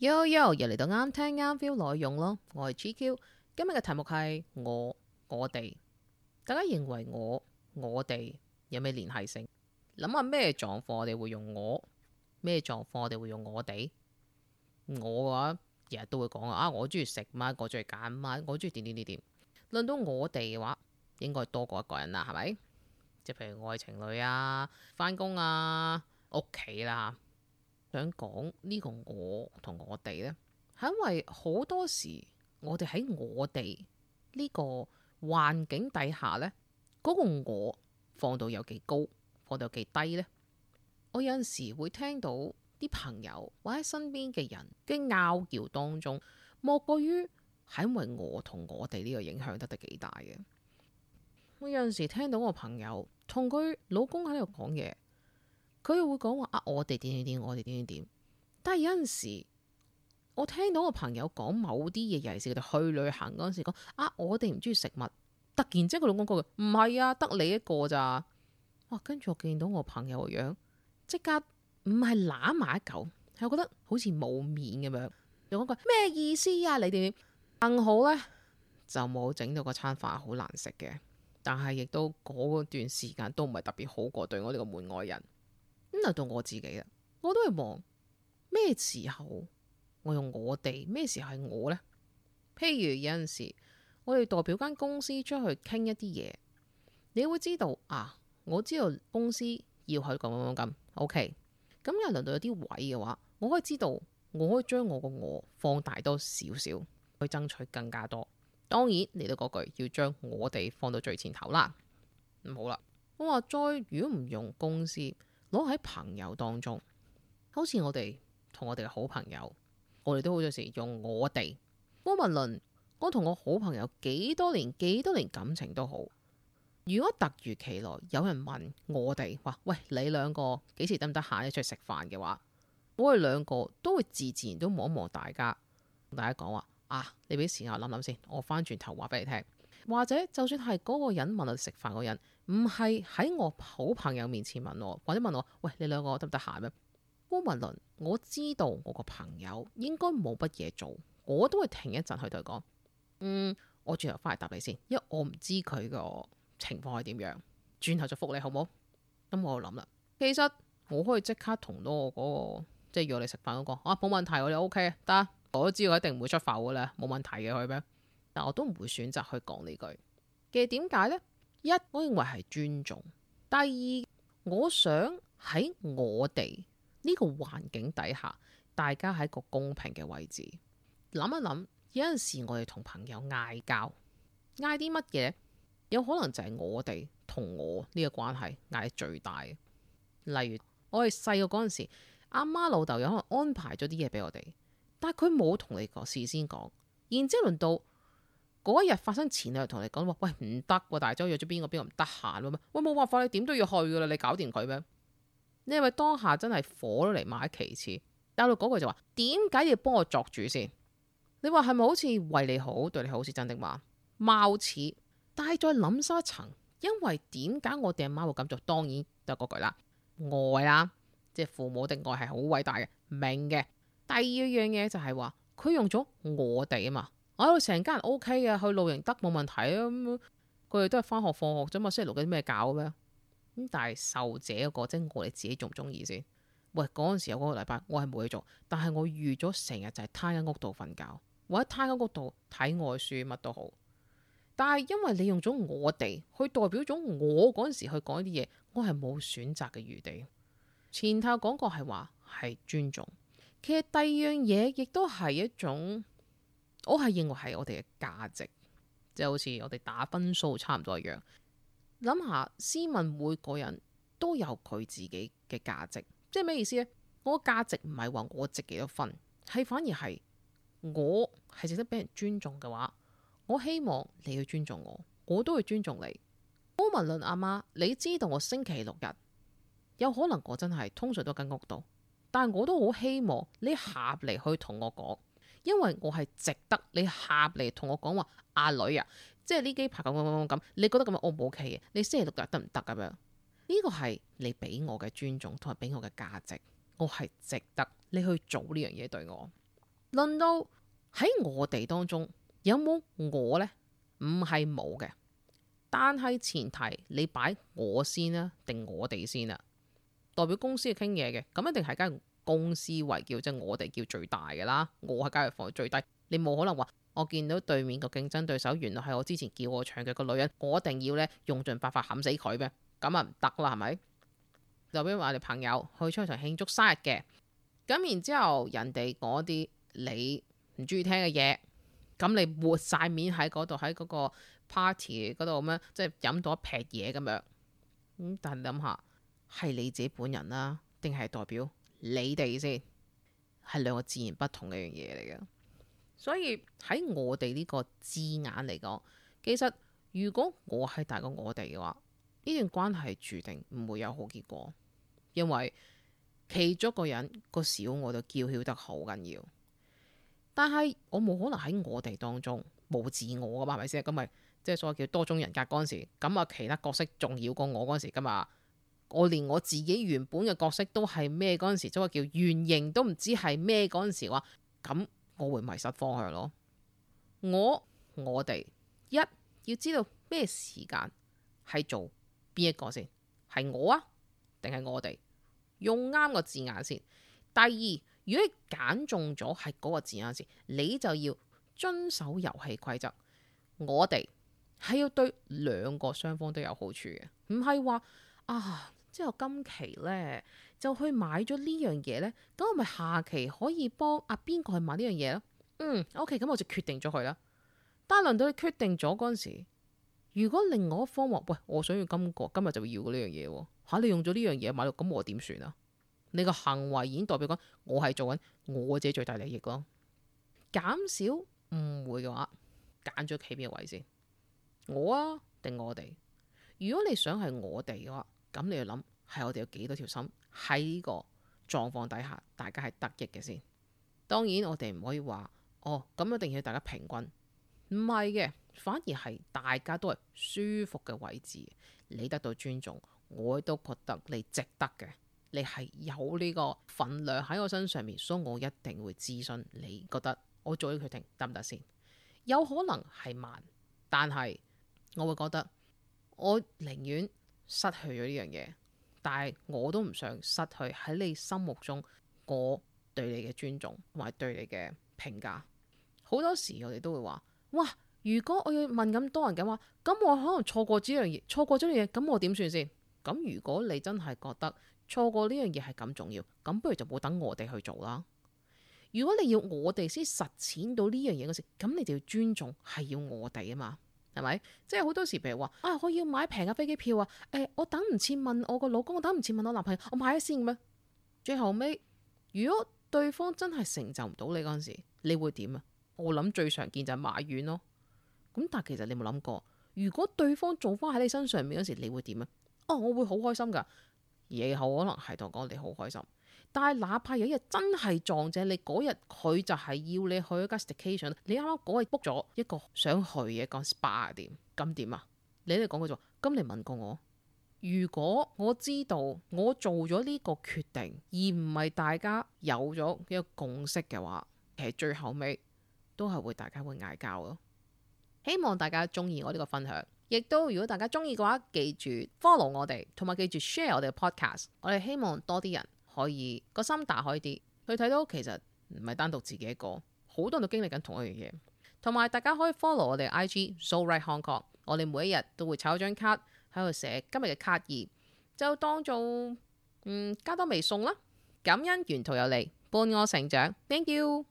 Yo 又嚟到啱聽啱 feel 內容咯，我係 GQ，今日嘅題目係我我哋，大家認為我我哋有咩聯繫性？諗下咩狀況我哋會用我？咩狀況我哋會用我哋？我嘅話日日都會講啊，我中意食乜，我中意揀乜，我中意點點點點。論到我哋嘅話，應該多過一個人啦，係咪？即係譬如愛情侶啊、返工啊、屋企啦。想講呢個我同我哋呢，係因為好多時我哋喺我哋呢個環境底下呢，嗰個我放到有幾高，放到有幾低呢？我有陣時會聽到啲朋友或者身邊嘅人嘅拗撬當中，莫過於係因為我同我哋呢個影響得得幾大嘅。我有陣時聽到我朋友同佢老公喺度講嘢。佢又會講話啊！我哋點點點，我哋點點點。但係有陣時，我聽到個朋友講某啲嘢，尤其是佢哋去旅行嗰陣時，講啊，我哋唔中意食物。突然之間，佢老公講唔係啊，得你一個咋？哇！跟住我見到我朋友個樣，即刻唔係揦埋一嚿，係我覺得好似冇面咁樣。我講句咩意思啊？你哋點？幸好咧就冇整到個餐飯好難食嘅，但係亦都嗰段時間都唔係特別好過對我哋個門外人。到我自己啦，我都係望咩時候我用我哋，咩時候係我呢？譬如有陣時我哋代表間公司出去傾一啲嘢，你會知道啊，我知道公司要係咁樣咁。O K，咁又為輪到有啲位嘅話，我可以知道，我可以將我個我放大多少少去爭取更加多。當然嚟到嗰句要將我哋放到最前頭啦。唔好啦，我話再如果唔用公司。攞喺朋友當中，好似我哋同我哋嘅好朋友，我哋都好有時用我哋。無論，我同我好朋友幾多年、幾多年感情都好。如果突如其來有人問我哋話，喂，你兩個幾時得唔得閒一出去食飯嘅話，我哋兩個都會自自然都望一望大家，同大家講話，啊，你俾時間我諗諗先，我翻轉頭話俾你聽。或者就算係嗰個人問我食飯嗰人，唔係喺我好朋友面前問我，或者問我，喂，你兩個得唔得閒啊？汪文倫，我知道我個朋友應該冇乜嘢做，我都會停一陣去對佢講。嗯，我轉頭翻嚟答你先，因為我唔知佢個情況係點樣，轉頭就覆你好唔好？咁我就諗啦，其實我可以即刻同到我嗰個，即係約你食飯嗰、那個，啊，冇問題、OK，我哋 O K 啊，得，我都知道一定唔會出浮噶啦，冇問題嘅佢咩？但我都唔會選擇去講呢句嘅，其實點解呢？一我認為係尊重，第二我想喺我哋呢個環境底下，大家喺個公平嘅位置諗一諗。有陣時我哋同朋友嗌交，嗌啲乜嘢，有可能就係我哋同我呢個關係嗌最大。例如我哋細個嗰陣時，阿媽老豆有可能安排咗啲嘢俾我哋，但係佢冇同你講事先講，然之後輪到。嗰一日發生前，你就同你講話，喂唔得喎，大周約咗邊個邊個唔得閒喎，咩？喂，冇、啊啊、辦法，你點都要去噶啦，你搞掂佢咩？你係咪當下真係火都嚟買其次？但到嗰句就話，點解要幫我作主先？你話係咪好似為你好，對你好，是真的嗎？貌似，但係再諗深一層，因為點解我哋阿媽，媽會咁做？當然都係嗰句啦，愛啦，即係父母的愛係好偉大嘅，明嘅。第二樣嘢就係話，佢用咗我哋啊嘛。我哋成家人 O K 嘅，去露營得冇問題啊，咁佢哋都係翻學放學啫嘛，星期六有啲咩搞咩？咁但係受者嗰個，即係我哋自己中唔中意先？喂，嗰陣時嗰個禮拜我係冇嘢做，但係我預咗成日就係癱喺屋度瞓覺，或者癱喺屋度睇外書乜都好。但係因為你用咗我哋去代表咗我嗰陣時去講啲嘢，我係冇選擇嘅餘地。前頭講過係話係尊重，其實第二樣嘢亦都係一種。我係認為係我哋嘅價值，即係好似我哋打分數差唔多一樣。諗下斯文，每個人都有佢自己嘅價值，即係咩意思呢？我嘅價值唔係話我值幾多分，係反而係我係值得俾人尊重嘅話，我希望你去尊重我，我都會尊重你。歐文倫阿媽，你知道我星期六日有可能我真係通常都跟屋度，但係我都好希望你合嚟，去同我講。因為我係值得你合嚟，同我講話，阿女啊，即係呢幾排咁咁咁咁，你覺得咁啊我冇期嘅，你星期六日得唔得咁樣？呢、這個係你俾我嘅尊重同埋俾我嘅價值，我係值得你去做呢樣嘢對我。輪到喺我哋當中有冇我呢？唔係冇嘅，但係前提你擺我先啦、啊，定我哋先啦、啊，代表公司去傾嘢嘅，咁一定係跟。公司為叫即係我哋叫最大嘅啦。我係交易方最低，你冇可能話我見到對面個競爭對手，原來係我之前叫我搶嘅個女人，我一定要咧用盡辦法冚死佢咩？咁啊唔得啦，係咪？就比如話我哋朋友去出場慶祝生日嘅，咁然之後人哋講啲你唔中意聽嘅嘢，咁你抹晒面喺嗰度，喺嗰個 party 嗰度咁樣，即係飲到一劈嘢咁樣咁。但係你諗下，係你自己本人啦、啊，定係代表？你哋先係兩個自然不同嘅樣嘢嚟嘅，所以喺我哋呢個字眼嚟講，其實如果我係大過我哋嘅話，呢段關係注定唔會有好結果，因為其中一個人個小我就叫囂得好緊要。但係我冇可能喺我哋當中冇自我噶嘛，係咪先？咁咪即係所謂叫多種人格嗰陣時，咁啊其他角色重要過我嗰陣時嘛，咁啊？我連我自己原本嘅角色都係咩？嗰陣時即係叫原型，都唔知係咩嗰陣時話，咁我會迷失方向咯。我，我哋，一要知道咩時間係做邊一個先，係我啊，定係我哋？用啱個字眼先。第二，如果你揀中咗係嗰個字眼先，你就要遵守遊戲規則。我哋係要對兩個雙方都有好處嘅，唔係話啊。之後今期咧就去買咗呢樣嘢咧，咁我咪下期可以幫阿邊個去買呢樣嘢咯？嗯，O K，咁我就決定咗佢啦。但係輪到你決定咗嗰陣時，如果另外一方話喂，我想要，這個，今個今日就會要呢樣嘢，吓你用咗呢樣嘢買到」，咁我點算啊？你個行為已經代表講我係做緊我自己最大利益咯，減少誤會嘅話，揀咗企邊個位先？我啊，定我哋？如果你想係我哋嘅話。咁你要諗，係我哋有幾多條心喺呢個狀況底下，大家係得益嘅先。當然我哋唔可以話，哦咁一定要大家平均，唔係嘅，反而係大家都係舒服嘅位置。你得到尊重，我都覺得你值得嘅。你係有呢個份量喺我身上面，所以我一定會諮詢。你覺得我做呢個決定得唔得先？有可能係慢，但係我會覺得，我寧願。失去咗呢樣嘢，但係我都唔想失去喺你心目中我對你嘅尊重同埋對你嘅評價。好多時我哋都會話：哇！如果我要問咁多人嘅話，咁我可能錯過呢樣嘢，錯過咗呢樣嘢，咁我點算先？咁如果你真係覺得錯過呢樣嘢係咁重要，咁不如就冇等我哋去做啦。如果你要我哋先實踐到呢樣嘢嘅時，咁你就要尊重係要我哋啊嘛。係咪？即係好多時，譬如話啊、哎，我要買平嘅飛機票啊，誒、哎，我等唔切問我個老公，我等唔切問我男朋友，我買咗先咁樣。最後尾，如果對方真係成就唔到你嗰陣時，你會點啊？我諗最常見就係埋怨咯。咁但係其實你冇諗過，如果對方做返喺你身上面嗰時，你會點啊？哦，我會好開心㗎，以後可能係同我你好開心。但係，哪怕有一日真係撞正你嗰日，佢就係要你去一間 staycation。你啱啱嗰日 book 咗一個想去嘅，講 spa 點咁點啊？你嚟講嗰種，今日你問過我，如果我知道我做咗呢個決定，而唔係大家有咗一個共識嘅話，其實最後尾都係會大家會嗌交咯。希望大家中意我呢個分享，亦都如果大家中意嘅話，記住 follow 我哋，同埋記住 share 我哋嘅 podcast。我哋希望多啲人。可以個心打開啲，去睇到其實唔係單獨自己一個，好多人都經歷緊同一樣嘢。同埋大家可以 follow 我哋 IG zoritehk，我哋每一日都會抽張卡喺度寫今日嘅卡意，就當做嗯加多味餸啦，感恩沿途有你伴我成長，thank you。